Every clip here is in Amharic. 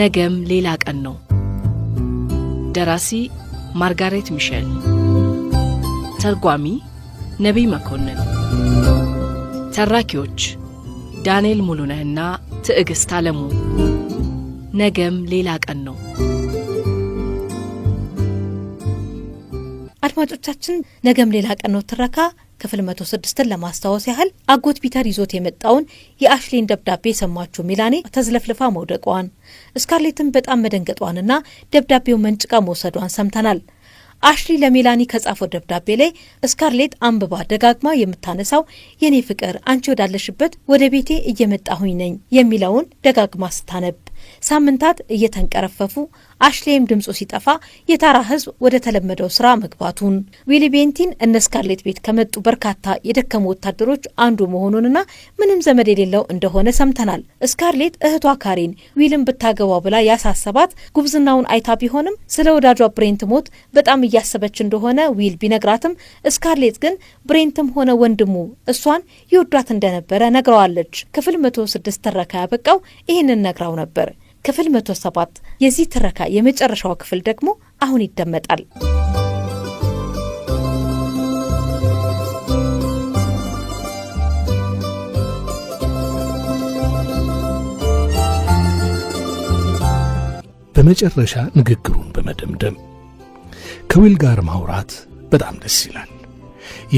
ነገም ሌላ ቀን ነው። ደራሲ ማርጋሬት ሚሸል ተርጓሚ ነቢይ መኮንን፣ ተራኪዎች ዳንኤል ሙሉነህና ትዕግሥት አለሙ። ነገም ሌላ ቀን ነው። አድማጮቻችን ነገም ሌላ ቀን ነው ትረካ ክፍል መቶ ስድስትን ለማስታወስ ያህል አጎት ፒተር ይዞት የመጣውን የአሽሌን ደብዳቤ የሰማችው ሚላኔ ተዝለፍልፋ መውደቋን እስካርሌትን በጣም መደንገጧንና ደብዳቤው መንጭቃ መውሰዷን ሰምተናል። አሽሊ ለሜላኒ ከጻፈው ደብዳቤ ላይ እስካርሌት አንብባ ደጋግማ የምታነሳው የኔ ፍቅር አንቺ ወዳለሽበት ወደ ቤቴ እየመጣሁኝ ነኝ የሚለውን ደጋግማ ስታነብ ሳምንታት እየተንቀረፈፉ አሽሌም ድምፁ ሲጠፋ የታራ ህዝብ ወደ ተለመደው ስራ መግባቱን ዊሊ ቤንቲን እነ ስካርሌት ቤት ከመጡ በርካታ የደከሙ ወታደሮች አንዱ መሆኑንና ምንም ዘመድ የሌለው እንደሆነ ሰምተናል። ስካርሌት እህቷ ካሬን ዊልን ብታገባው ብላ ያሳሰባት ጉብዝናውን አይታ ቢሆንም ስለ ወዳጇ ብሬንት ሞት በጣም እያሰበች እንደሆነ ዊል ቢነግራትም ስካርሌት ግን ብሬንትም ሆነ ወንድሙ እሷን ይወዷት እንደነበረ ነግረዋለች። ክፍል ስድስት ትረካ ያበቃው ይህንን ነግራው ነበር። ክፍል 107 የዚህ ትረካ የመጨረሻው ክፍል ደግሞ አሁን ይደመጣል። በመጨረሻ ንግግሩን በመደምደም ከዊል ጋር ማውራት በጣም ደስ ይላል።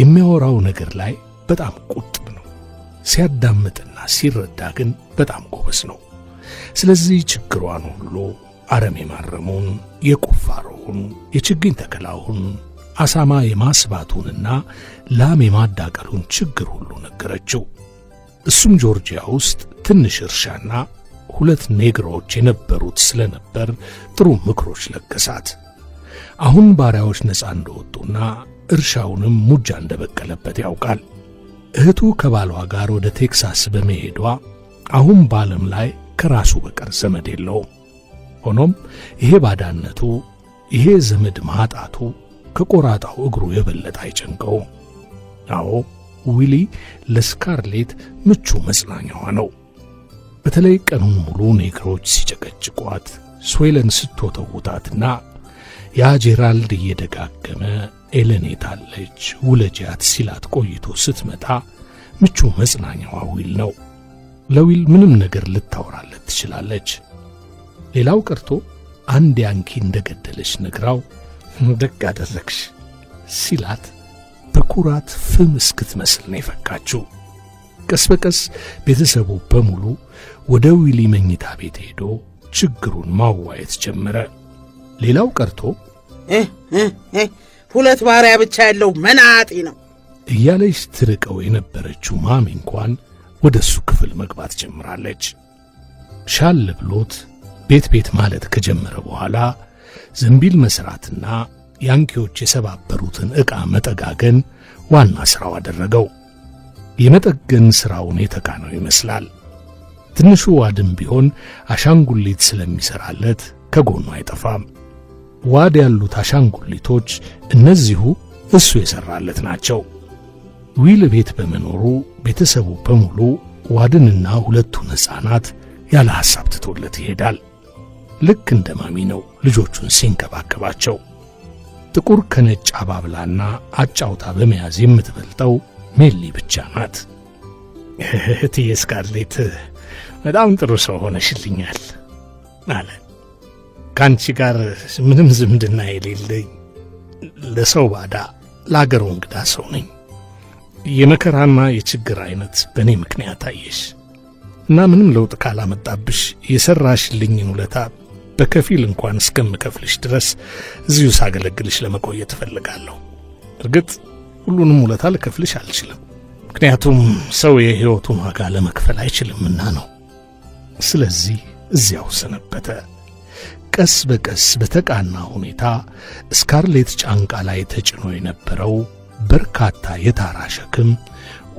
የሚያወራው ነገር ላይ በጣም ቁጥብ ነው። ሲያዳምጥና ሲረዳ ግን በጣም ጎበዝ ነው። ስለዚህ ችግሯን ሁሉ አረም የማረሙን፣ የቁፋሮውን፣ የችግኝ ተከላውን፣ አሳማ የማስባቱንና ላም የማዳቀሉን ችግር ሁሉ ነገረችው። እሱም ጆርጂያ ውስጥ ትንሽ እርሻና ሁለት ኔግሮዎች የነበሩት ስለነበር ጥሩ ምክሮች ለገሳት። አሁን ባሪያዎች ነፃ እንደወጡና እርሻውንም ሙጃ እንደበቀለበት ያውቃል። እህቱ ከባሏ ጋር ወደ ቴክሳስ በመሄዷ አሁን በዓለም ላይ ከራሱ በቀር ዘመድ የለውም። ሆኖም ይሄ ባዳነቱ፣ ይሄ ዘመድ ማጣቱ ከቆራጣው እግሩ የበለጠ አይጨንቀው! አዎ ዊሊ ለስካርሌት ምቹ መጽናኛዋ ነው። በተለይ ቀኑን ሙሉ ኔግሮች ሲጨቀጭቋት ስዌለን ስትወተውታትና ያ ጄራልድ እየደጋገመ የታለች ውለጃት ሲላት ቆይቶ ስትመጣ ምቹ መጽናኛዋ ዊል ነው። ለዊል ምንም ነገር ልታወራለት ትችላለች። ሌላው ቀርቶ አንድ ያንኪ እንደገደለች ነግራው ደግ አደረግሽ ሲላት በኩራት ፍም እስክትመስል ነው የፈካችው። ቀስ በቀስ ቤተሰቡ በሙሉ ወደ ዊሊ መኝታ ቤት ሄዶ ችግሩን ማዋየት ጀመረ። ሌላው ቀርቶ ሁለት ባሪያ ብቻ ያለው መናጢ ነው እያለች ትርቀው የነበረችው ማሚ እንኳን ወደ እሱ ክፍል መግባት ጀምራለች። ሻል ብሎት ቤት ቤት ማለት ከጀመረ በኋላ ዘንቢል መሥራትና ያንኪዎች የሰባበሩትን ዕቃ መጠጋገን ዋና ሥራው አደረገው። የመጠገን ሥራውን የተካነው ይመስላል። ትንሹ ዋድም ቢሆን አሻንጉሊት ስለሚሠራለት ከጎኑ አይጠፋም። ዋድ ያሉት አሻንጉሊቶች እነዚሁ እሱ የሠራለት ናቸው። ዊል ቤት በመኖሩ ቤተሰቡ በሙሉ ዋድንና ሁለቱን ሕፃናት ያለ ሐሳብ ትቶለት ይሄዳል። ልክ እንደ ማሚ ነው ልጆቹን ሲንከባከባቸው። ጥቁር ከነጭ አባብላና አጫውታ በመያዝ የምትበልጠው ሜሊ ብቻ ናት። እህትዬ ስካርሌት በጣም ጥሩ ሰው ሆነሽልኛል አለ። ከአንቺ ጋር ምንም ዝምድና የሌለኝ ለሰው ባዳ ለአገሩ እንግዳ ሰው ነኝ። የመከራና የችግር አይነት በእኔ ምክንያት አየሽ እና ምንም ለውጥ ካላመጣብሽ የሠራሽልኝን ውለታ በከፊል እንኳን እስከምከፍልሽ ድረስ እዚሁ ሳገለግልሽ ለመቆየት እፈልጋለሁ። እርግጥ ሁሉንም ውለታ ልከፍልሽ አልችልም፣ ምክንያቱም ሰው የሕይወቱን ዋጋ ለመክፈል አይችልምና ነው። ስለዚህ እዚያው ሰነበተ። ቀስ በቀስ በተቃና ሁኔታ ስካርሌት ጫንቃ ላይ ተጭኖ የነበረው በርካታ የታራ ሸክም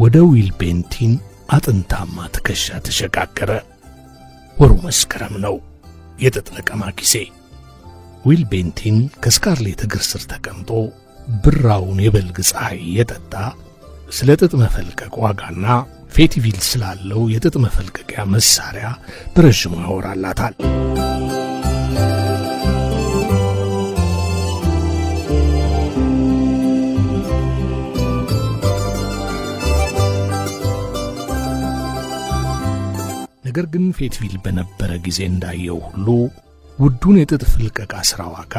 ወደ ዊል ቤንቲን አጥንታማ ትከሻ ተሸጋገረ። ወሩ መስከረም ነው፣ የጥጥ ለቀማ ጊዜ። ቤንቲን ከስካርሌት እግር ስር ተቀምጦ ብራውን የበልግ ፀሐይ የጠጣ ስለ ጥጥ መፈልቀቅ ዋጋና ፌቲቪል ስላለው የጥጥ መፈልቀቂያ መሳሪያ በረዥሙ ያወራላታል። ነገር ግን ፌትቪል በነበረ ጊዜ እንዳየው ሁሉ ውዱን የጥጥ ፍልቀቃ ሥራ ዋጋ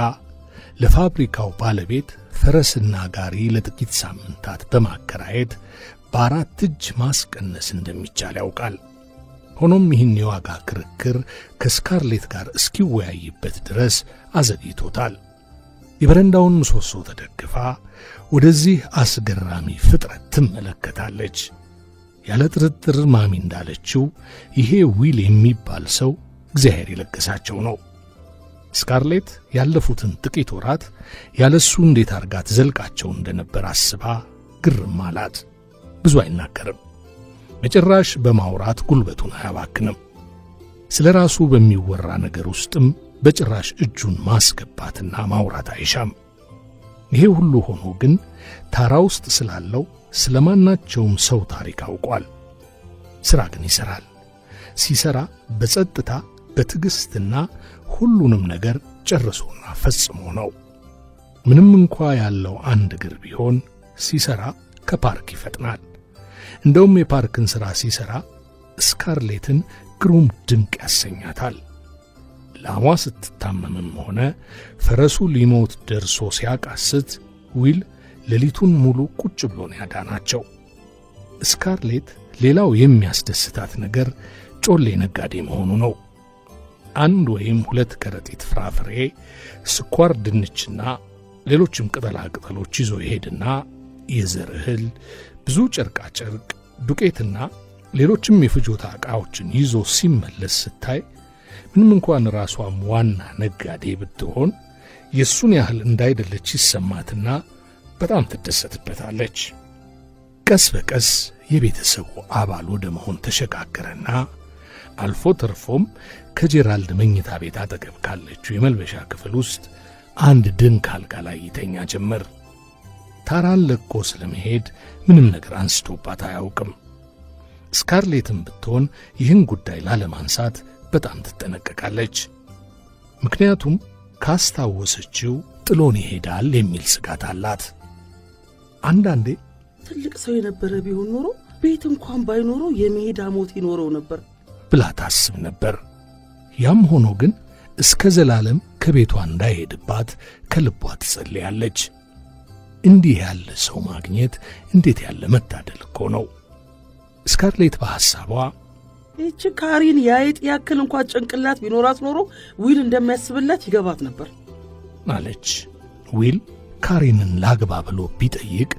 ለፋብሪካው ባለቤት ፈረስና ጋሪ ለጥቂት ሳምንታት በማከራየት በአራት እጅ ማስቀነስ እንደሚቻል ያውቃል። ሆኖም ይህን የዋጋ ክርክር ከስካርሌት ጋር እስኪወያይበት ድረስ አዘግይቶታል። የበረንዳውን ምሰሶ ተደግፋ ወደዚህ አስገራሚ ፍጥረት ትመለከታለች። ያለ ጥርጥር ማሚ እንዳለችው ይሄ ዊል የሚባል ሰው እግዚአብሔር የለገሳቸው ነው። ስካርሌት ያለፉትን ጥቂት ወራት ያለሱ እንዴት አርጋ ትዘልቃቸው እንደነበር አስባ ግርም አላት። ብዙ አይናገርም፣ በጭራሽ በማውራት ጉልበቱን አያባክንም። ስለ ራሱ በሚወራ ነገር ውስጥም በጭራሽ እጁን ማስገባትና ማውራት አይሻም። ይሄ ሁሉ ሆኖ ግን ታራ ውስጥ ስላለው ስለማናቸውም ሰው ታሪክ አውቋል። ሥራ ግን ይሠራል። ሲሠራ በጸጥታ በትዕግሥትና ሁሉንም ነገር ጨርሶና ፈጽሞ ነው። ምንም እንኳ ያለው አንድ እግር ቢሆን ሲሠራ ከፓርክ ይፈጥናል። እንደውም የፓርክን ሥራ ሲሠራ ስካርሌትን ግሩም ድንቅ ያሰኛታል። ላሟ ስትታመምም ሆነ ፈረሱ ሊሞት ደርሶ ሲያቃስት ዊል ሌሊቱን ሙሉ ቁጭ ብሎ ነው ያዳናቸው። ስካርሌት ሌላው የሚያስደስታት ነገር ጮሌ ነጋዴ መሆኑ ነው። አንድ ወይም ሁለት ከረጢት ፍራፍሬ፣ ስኳር ድንችና ሌሎችም ቅጠላ ቅጠሎች ይዞ ይሄድና የዘር እህል፣ ብዙ ጨርቃጨርቅ፣ ዱቄትና ሌሎችም የፍጆታ ዕቃዎችን ይዞ ሲመለስ ስታይ ምንም እንኳን ራሷም ዋና ነጋዴ ብትሆን የእሱን ያህል እንዳይደለች ይሰማትና በጣም ትደሰትበታለች። ቀስ በቀስ የቤተሰቡ አባል ወደ መሆን ተሸጋገረና አልፎ ተርፎም ከጄራልድ መኝታ ቤት አጠገብ ካለችው የመልበሻ ክፍል ውስጥ አንድ ድንክ አልጋ ላይ ይተኛ ጀመር። ታራን ለቆ ስለመሄድ ምንም ነገር አንስቶባት አያውቅም። ስካርሌትም ብትሆን ይህን ጉዳይ ላለማንሳት በጣም ትጠነቀቃለች። ምክንያቱም ካስታወሰችው ጥሎን ይሄዳል የሚል ስጋት አላት። አንዳንዴ ትልቅ ሰው የነበረ ቢሆን ኖሮ ቤት እንኳን ባይኖረው የመሄድ ሞት ይኖረው ነበር ብላ ታስብ ነበር። ያም ሆኖ ግን እስከ ዘላለም ከቤቷ እንዳይሄድባት ከልቧ ትጸልያለች። እንዲህ ያለ ሰው ማግኘት እንዴት ያለ መታደል እኮ ነው! ስካርሌት በሐሳቧ ይቺ ካሪን የአይጥ ያክል እንኳን ጭንቅላት ቢኖራት ኖሮ ዊል እንደሚያስብላት ይገባት ነበር አለች። ዊል ካሬንን ላግባ ብሎ ቢጠይቅ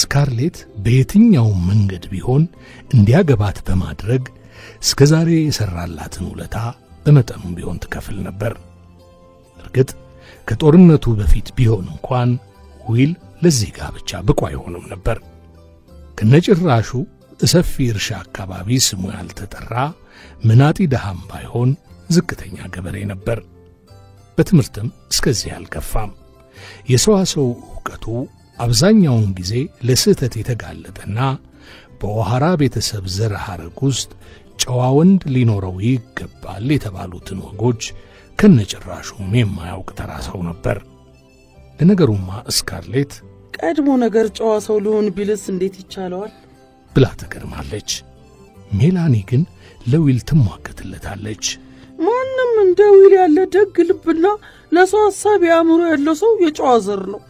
ስካርሌት በየትኛው መንገድ ቢሆን እንዲያገባት በማድረግ እስከ ዛሬ የሠራላትን ውለታ በመጠኑም ቢሆን ትከፍል ነበር። እርግጥ ከጦርነቱ በፊት ቢሆን እንኳን ዊል ለዚህ ጋብቻ ብቁ አይሆንም ነበር። ከነጭራሹ ሰፊ እርሻ አካባቢ ስሙ ያልተጠራ ምናጢ ድሃም ባይሆን ዝቅተኛ ገበሬ ነበር። በትምህርትም እስከዚህ አልገፋም። የሰዋሰው ዕውቀቱ አብዛኛውን ጊዜ ለስህተት የተጋለጠና በኦሐራ ቤተሰብ ዘር ሐረግ ውስጥ ጨዋ ወንድ ሊኖረው ይገባል የተባሉትን ወጎች ከነጭራሹም የማያውቅ ተራ ሰው ነበር። ለነገሩማ እስካርሌት ቀድሞ ነገር ጨዋ ሰው ሊሆን ቢልስ እንዴት ይቻለዋል ብላ ትገርማለች። ሜላኒ ግን ለዊል ትሟገትለታለች። ማንም እንደ ዊል ያለ ደግ ልብና ለሰው ሐሳብ የአእምሮ ያለው ሰው የጨዋ ዘር ነው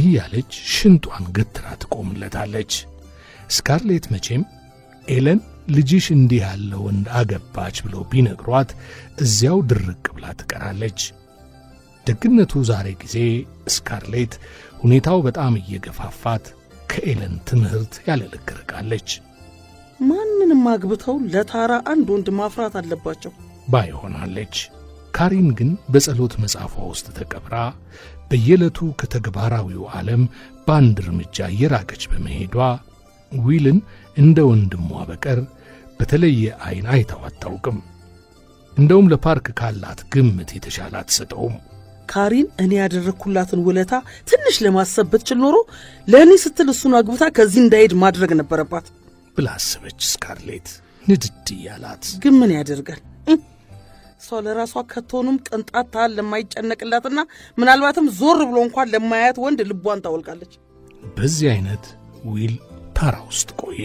እያለች ሽንጧን ገትራ ትቆምለታለች። ስካርሌት መቼም ኤለን ልጅሽ እንዲህ ያለ ወንድ አገባች ብሎ ቢነግሯት እዚያው ድርቅ ብላ ትቀራለች። ደግነቱ ዛሬ ጊዜ ስካርሌት ሁኔታው በጣም እየገፋፋት ከኤለን ትምህርት ያለ ርቃለች። ማንንም አግብተው ለታራ አንድ ወንድ ማፍራት አለባቸው ባይ ሆናለች ካሪን ግን በጸሎት መጽሐፏ ውስጥ ተቀብራ በየዕለቱ ከተግባራዊው ዓለም በአንድ እርምጃ እየራቀች በመሄዷ ዊልን እንደ ወንድሟ በቀር በተለየ ዐይን አይታው አታውቅም። እንደውም ለፓርክ ካላት ግምት የተሻለ አትሰጠውም። ካሪን እኔ ያደረግኩላትን ውለታ ትንሽ ለማሰብ ብትችል ኖሮ ለእኔ ስትል እሱን አግብታ ከዚህ እንዳሄድ ማድረግ ነበረባት ብላ አሰበች። ስካርሌት ንድድ እያላት ግን ምን ያደርጋል እሷ ለራሷ ከቶንም ቅንጣት ታህል ለማይጨነቅላትና ምናልባትም ዞር ብሎ እንኳን ለማያት ወንድ ልቧን ታወልቃለች። በዚህ አይነት ዊል ታራ ውስጥ ቆየ።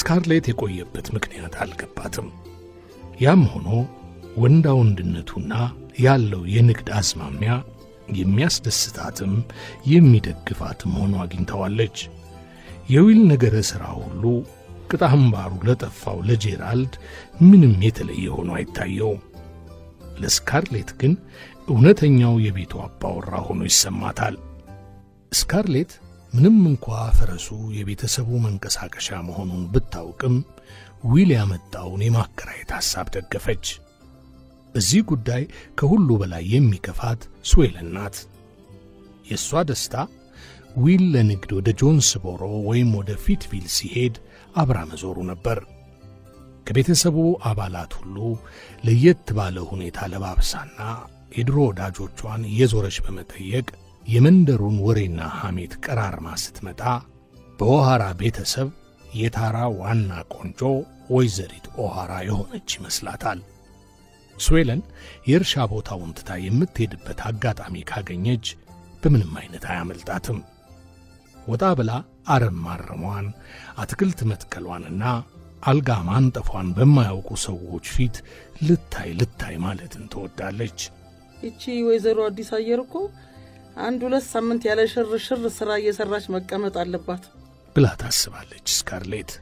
ስካርሌት የቆየበት ምክንያት አልገባትም። ያም ሆኖ ወንዳ ወንድነቱና ያለው የንግድ አዝማሚያ የሚያስደስታትም የሚደግፋትም ሆኖ አግኝተዋለች። የዊል ነገረ ሥራ ሁሉ ቅጥ አምባሩ ለጠፋው ለጄራልድ ምንም የተለየ ሆኖ አይታየው። ለስካርሌት ግን እውነተኛው የቤቱ አባወራ ሆኖ ይሰማታል። ስካርሌት ምንም እንኳ ፈረሱ የቤተሰቡ መንቀሳቀሻ መሆኑን ብታውቅም ዊል ያመጣውን የማከራየት ሐሳብ ደገፈች። በዚህ ጉዳይ ከሁሉ በላይ የሚከፋት ስዌለን ናት። የእሷ ደስታ ዊል ለንግድ ወደ ጆንስቦሮ ወይም ወደ ፊትቪል ሲሄድ አብራ መዞሩ ነበር። ከቤተሰቡ አባላት ሁሉ ለየት ባለ ሁኔታ ለባብሳና የድሮ ወዳጆቿን እየዞረች በመጠየቅ የመንደሩን ወሬና ሐሜት ቀራርማ ስትመጣ በኦሃራ ቤተሰብ የታራ ዋና ቆንጆ ወይዘሪት ኦሃራ የሆነች ይመስላታል። ስዌለን የእርሻ ቦታውን ትታ የምትሄድበት አጋጣሚ ካገኘች በምንም አይነት አያመልጣትም። ወጣ ብላ አረም ማረሟን፣ አትክልት መትከሏንና አልጋ ማንጠፏን በማያውቁ ሰዎች ፊት ልታይ ልታይ ማለትን ትወዳለች። ይቺ ወይዘሮ አዲስ አየር እኮ አንድ ሁለት ሳምንት ያለ ሽርሽር ስራ እየሰራች መቀመጥ አለባት ብላ ታስባለች ስካርሌት።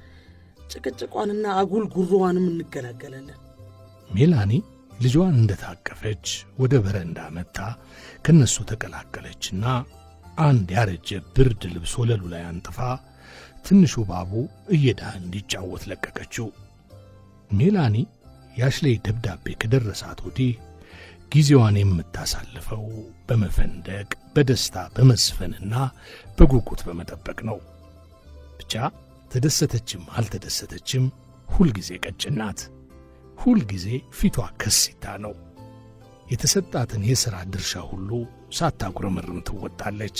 ጭቅጭቋንና አጉል ጉሮዋንም እንገላገላለን ሜላኒ ልጇን እንደታቀፈች ወደ በረንዳ መጥታ ከነሱ ተቀላቀለችና አንድ ያረጀ ብርድ ልብስ ወለሉ ላይ አንጥፋ ትንሹ ባቡ እየዳ እንዲጫወት ለቀቀችው። ሜላኒ የአሽሌይ ደብዳቤ ከደረሳት ወዲህ ጊዜዋን የምታሳልፈው በመፈንደቅ በደስታ በመዝፈንና በጉጉት በመጠበቅ ነው። ብቻ ተደሰተችም አልተደሰተችም ሁልጊዜ ቀጭን ናት። ሁልጊዜ ፊቷ ከሲታ ነው። የተሰጣትን የሥራ ድርሻ ሁሉ ሳታጉረመርም ትወጣለች።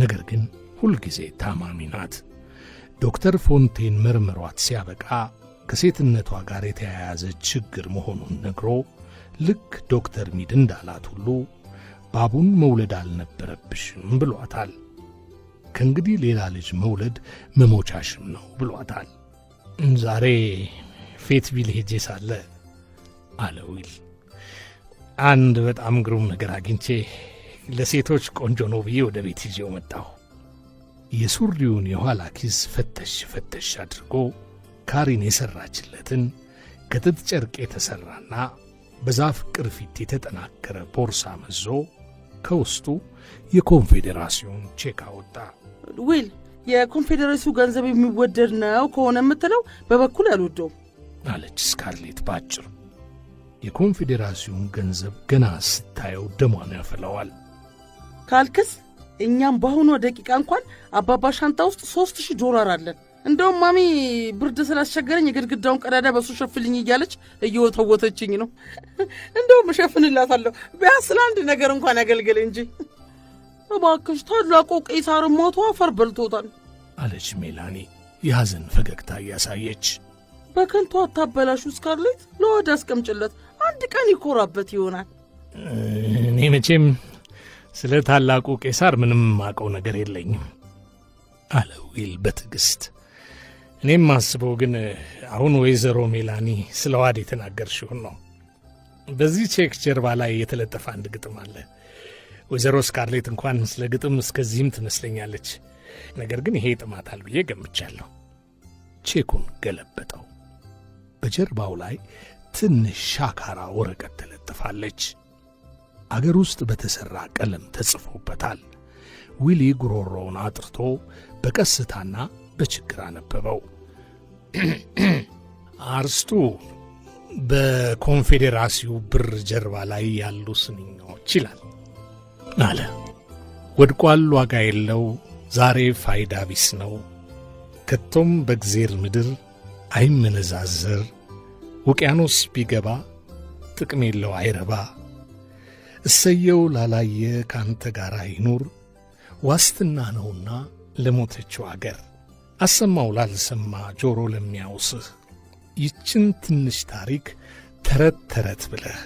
ነገር ግን ሁልጊዜ ታማሚ ናት። ዶክተር ፎንቴን መርምሯት ሲያበቃ ከሴትነቷ ጋር የተያያዘ ችግር መሆኑን ነግሮ ልክ ዶክተር ሚድ እንዳላት ሁሉ ባቡን መውለድ አልነበረብሽም ብሏታል። ከእንግዲህ ሌላ ልጅ መውለድ መሞቻሽም ነው ብሏታል። ዛሬ ፌትቪል ሄጄ ሳለ አለ ዊል አንድ በጣም ግሩም ነገር አግኝቼ ለሴቶች ቆንጆ ነው ብዬ ወደ ቤት ይዤው መጣሁ። የሱሪውን የኋላ ኪስ ፈተሽ ፈተሽ አድርጎ ካሪን የሠራችለትን ከጥጥ ጨርቅ የተሠራና በዛፍ ቅርፊት የተጠናከረ ቦርሳ መዞ ከውስጡ የኮንፌዴራሲዮን ቼክ አወጣ። ዊል፣ የኮንፌዴሬሲው ገንዘብ የሚወደድ ነው ከሆነ የምትለው በበኩል አልወደውም። አለች ስካርሌት በአጭሩ። የኮንፌዴራሲውን ገንዘብ ገና ስታየው ደሟን ያፈለዋል። ካልክስ እኛም በአሁኗ ደቂቃ እንኳን አባባ ሻንጣ ውስጥ ሦስት ሺህ ዶላር አለን። እንደውም ማሚ ብርድ ስላስቸገረኝ የግድግዳውን ቀዳዳ በሱ ሸፍልኝ እያለች እየወተወተችኝ ነው። እንደውም እሸፍንላታለሁ ቢያንስ ለአንድ ነገር እንኳን ያገልግል እንጂ። እባክሽ ታላቁ ቄሳር ሞቶ አፈር በልቶታል አለች ሜላኒ የሐዘን ፈገግታ እያሳየች። በከንቱ አታበላሹ። ስካርሌት ለወደ አስቀምጭለት፣ አንድ ቀን ይኮራበት ይሆናል። እኔ መቼም ስለ ታላቁ ቄሳር ምንም ማቀው ነገር የለኝም አለ ዊል በትዕግሥት። እኔም ማስበው ግን አሁን ወይዘሮ ሜላኒ ስለ ዋድ የተናገርሽውን ነው። በዚህ ቼክ ጀርባ ላይ የተለጠፈ አንድ ግጥም አለ። ወይዘሮ ስካርሌት እንኳን ስለ ግጥም እስከዚህም ትመስለኛለች። ነገር ግን ይሄ ጥማታል ብዬ ገምቻለሁ። ቼኩን ገለበጠው። በጀርባው ላይ ትንሽ ሻካራ ወረቀት ትለጥፋለች። አገር ውስጥ በተሠራ ቀለም ተጽፎበታል። ዊሊ ጉሮሮውን አጥርቶ በቀስታና በችግር አነበበው። አርስቱ በኮንፌዴራሲው ብር ጀርባ ላይ ያሉ ስንኛዎች ይላል አለ። ወድቋል፣ ዋጋ የለው፣ ዛሬ ፋይዳ ቢስ ነው፣ ከቶም በእግዜር ምድር አይመነዛዝር፣ ውቅያኖስ ቢገባ ጥቅም የለው አይረባ። እሰየው ላላየ ካንተ ጋር ይኑር፣ ዋስትና ነውና ለሞተችው አገር። አሰማው ላልሰማ ጆሮ ለሚያውስህ ይችን ትንሽ ታሪክ ተረት ተረት ብለህ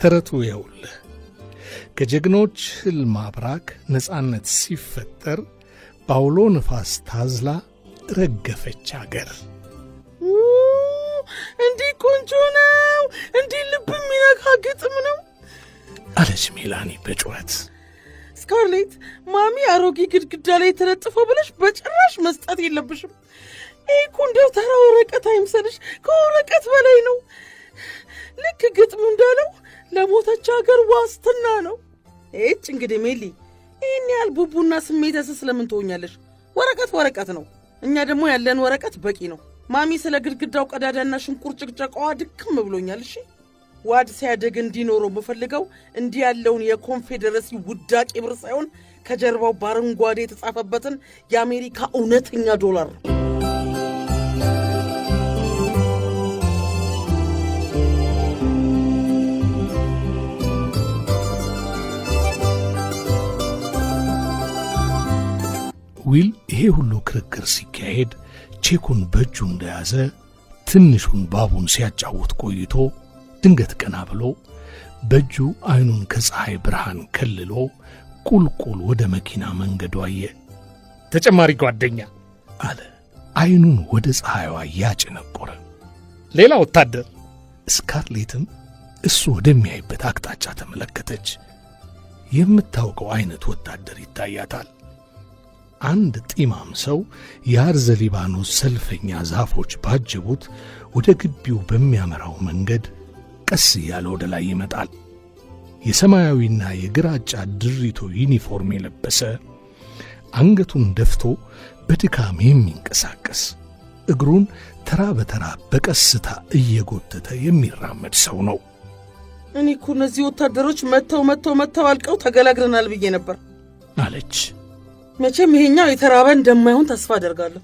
ተረቱ የውልህ ከጀግኖች ሕልም አብራክ ነፃነት ሲፈጠር ባውሎ ንፋስ ታዝላ ረገፈች አገር። እንዲህ ቆንጆ ነው፣ እንዲህ ልብ የሚነካ ግጥም ነው አለች ሜላኒ በጩኸት። ስካርሌት ማሚ አሮጌ ግድግዳ ላይ ተለጥፎ ብለሽ በጭራሽ መስጠት የለብሽም። ይህ እኮ እንዲያው ተራ ወረቀት አይምሰልሽ፣ ከወረቀት በላይ ነው። ልክ ግጥሙ እንዳለው ለሞተች ሀገር ዋስትና ነው። ይች እንግዲህ ሜሊ፣ ይህን ያህል ቡቡና ስሜት ስስ ስለምን ትሆኛለሽ? ወረቀት ወረቀት ነው። እኛ ደግሞ ያለን ወረቀት በቂ ነው። ማሚ ስለ ግድግዳው ቀዳዳና ሽንቁር ጭቅጨቃዋ ድክም ብሎኛል። እሺ ዋድ ሲያደግ እንዲኖረው የምፈልገው እንዲህ ያለውን የኮንፌዴረሲ ውዳቂ ብር ሳይሆን ከጀርባው በአረንጓዴ የተጻፈበትን የአሜሪካ እውነተኛ ዶላር ነው። ዊል ይሄ ሁሉ ክርክር ሲካሄድ ቼኩን በእጁ እንደያዘ ትንሹን ባቡን ሲያጫውት ቆይቶ ድንገት ቀና ብሎ በእጁ ዐይኑን ከፀሐይ ብርሃን ከልሎ ቁልቁል ወደ መኪና መንገዱ አየ። ተጨማሪ ጓደኛ አለ ዐይኑን ወደ ፀሐይዋ ያጭነቆረ። ሌላ ወታደር። ስካርሌትም እሱ ወደሚያይበት አቅጣጫ ተመለከተች። የምታውቀው ዐይነት ወታደር ይታያታል። አንድ ጢማም ሰው የአርዘ ሊባኖስ ሰልፈኛ ዛፎች ባጀቡት ወደ ግቢው በሚያመራው መንገድ ቀስ እያለ ወደ ላይ ይመጣል። የሰማያዊና የግራጫ ድሪቶ ዩኒፎርም የለበሰ አንገቱን ደፍቶ በድካም የሚንቀሳቀስ እግሩን ተራ በተራ በቀስታ እየጎተተ የሚራመድ ሰው ነው። እኔ እኮ እነዚህ ወታደሮች መጥተው መጥተው መጥተው አልቀው ተገላግለናል ብዬ ነበር አለች። መቼም ይሄኛው የተራበ እንደማይሆን ተስፋ አደርጋለሁ።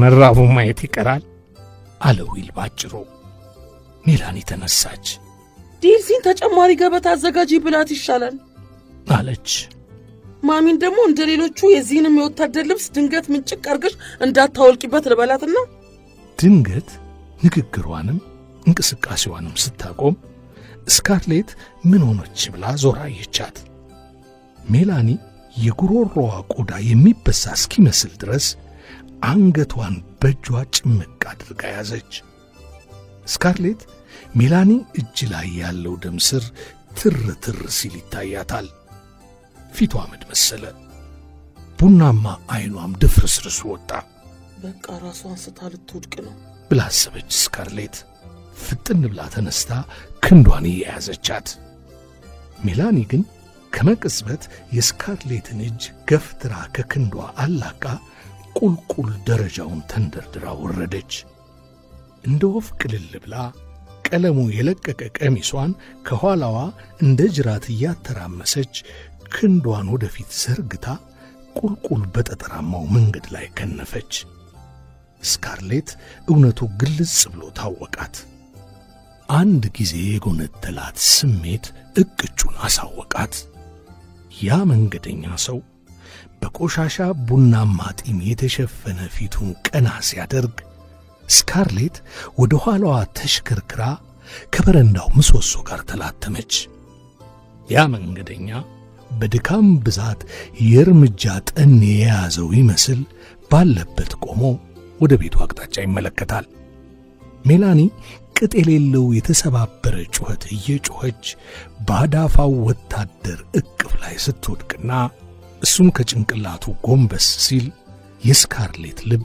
መራቡ ማየት ይቀራል አለ ዊል ባጭሩ። ሜላኒ ተነሳች። ዲልሲን ተጨማሪ ገበታ አዘጋጂ ብላት ይሻላል አለች። ማሚን ደግሞ እንደ ሌሎቹ የዚህንም የወታደር ልብስ ድንገት ምንጭቅ አርገሽ እንዳታወልቂበት ልበላትና ድንገት ንግግሯንም እንቅስቃሴዋንም ስታቆም ስካርሌት ምን ሆኖች ብላ ዞራ አየቻት ሜላኒ የጉሮሮዋ ቆዳ የሚበሳ እስኪመስል ድረስ አንገቷን በእጇ ጭምቅ አድርጋ ያዘች። ስካርሌት ሜላኒ እጅ ላይ ያለው ደም ስር ትር ትር ሲል ይታያታል። ፊቷ አመድ መሰለ። ቡናማ ዐይኗም ድፍርስርስ ወጣ። በቃ ራሷ አንስታ ልትወድቅ ነው ብላ አሰበች። ስካርሌት ፍጥን ብላ ተነስታ ክንዷን እየያዘቻት ሜላኒ ግን ከመቅጽበት የስካርሌትን እጅ ገፍትራ ከክንዷ አላቃ ቁልቁል ደረጃውን ተንደርድራ ወረደች። እንደ ወፍ ቅልል ብላ ቀለሙ የለቀቀ ቀሚሷን ከኋላዋ እንደ ጅራት እያተራመሰች ክንዷን ወደፊት ዘርግታ ቁልቁል በጠጠራማው መንገድ ላይ ከነፈች። ስካርሌት እውነቱ ግልጽ ብሎ ታወቃት። አንድ ጊዜ የጎነተላት ስሜት እቅጩን አሳወቃት። ያ መንገደኛ ሰው በቆሻሻ ቡናማ ጢም የተሸፈነ ፊቱን ቀና ሲያደርግ ስካርሌት ወደ ኋላዋ ተሽከርክራ ከበረንዳው ምሰሶ ጋር ተላተመች። ያ መንገደኛ በድካም ብዛት የእርምጃ ጠን የያዘው ይመስል ባለበት ቆሞ ወደ ቤቱ አቅጣጫ ይመለከታል። ሜላኒ ቅጥ የሌለው የተሰባበረ ጩኸት እየጮኸች ባዳፋው ወታደር እቅፍ ላይ ስትወድቅና እሱም ከጭንቅላቱ ጎንበስ ሲል የስካርሌት ልብ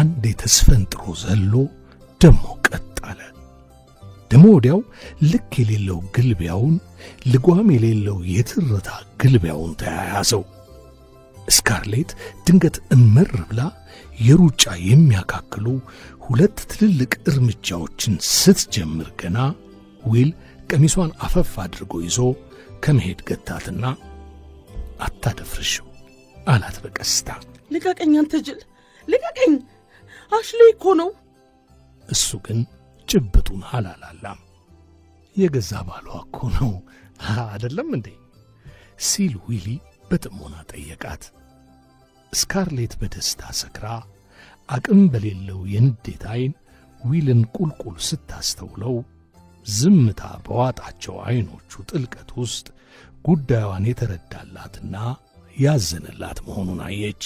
አንዴ ተስፈንጥሮ ዘሎ ደሞ ቀጥ አለ። ደሞ ወዲያው ልክ የሌለው ግልቢያውን ልጓም የሌለው የትርታ ግልቢያውን ተያያዘው። ስካርሌት ድንገት እመር ብላ የሩጫ የሚያካክሉ ሁለት ትልልቅ እርምጃዎችን ስትጀምር ገና ዊል ቀሚሷን አፈፍ አድርጎ ይዞ ከመሄድ ገታትና አታደፍርሽው አላት በቀስታ። ልቀቀኝ፣ አንተ ጅል ልቀቀኝ፣ አሽሌ እኮ ነው። እሱ ግን ጭብጡን አላላላም። የገዛ ባሏ እኮ ነው አደለም እንዴ? ሲል ዊሊ በጥሞና ጠየቃት። ስካርሌት በደስታ ሰክራ አቅም በሌለው የንዴት ዐይን ዊልን ቁልቁል ስታስተውለው ዝምታ በዋጣቸው ዐይኖቹ ጥልቀት ውስጥ ጉዳዩን የተረዳላትና ያዘነላት መሆኑን አየች።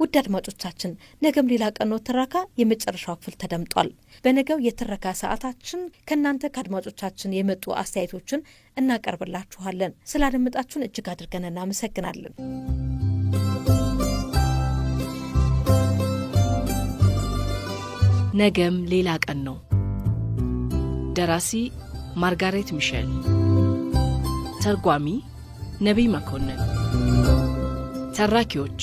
ውድ አድማጮቻችን ነገም ሌላ ቀኖ ትረካ የመጨረሻው ክፍል ተደምጧል። በነገው የትረካ ሰዓታችን ከእናንተ ከአድማጮቻችን የመጡ አስተያየቶችን እናቀርብላችኋለን። ስላደመጣችሁን እጅግ አድርገን እናመሰግናለን። ነገም ሌላ ቀን ነው። ደራሲ ማርጋሬት ሚሸል፣ ተርጓሚ ነቢይ መኮንን፣ ተራኪዎች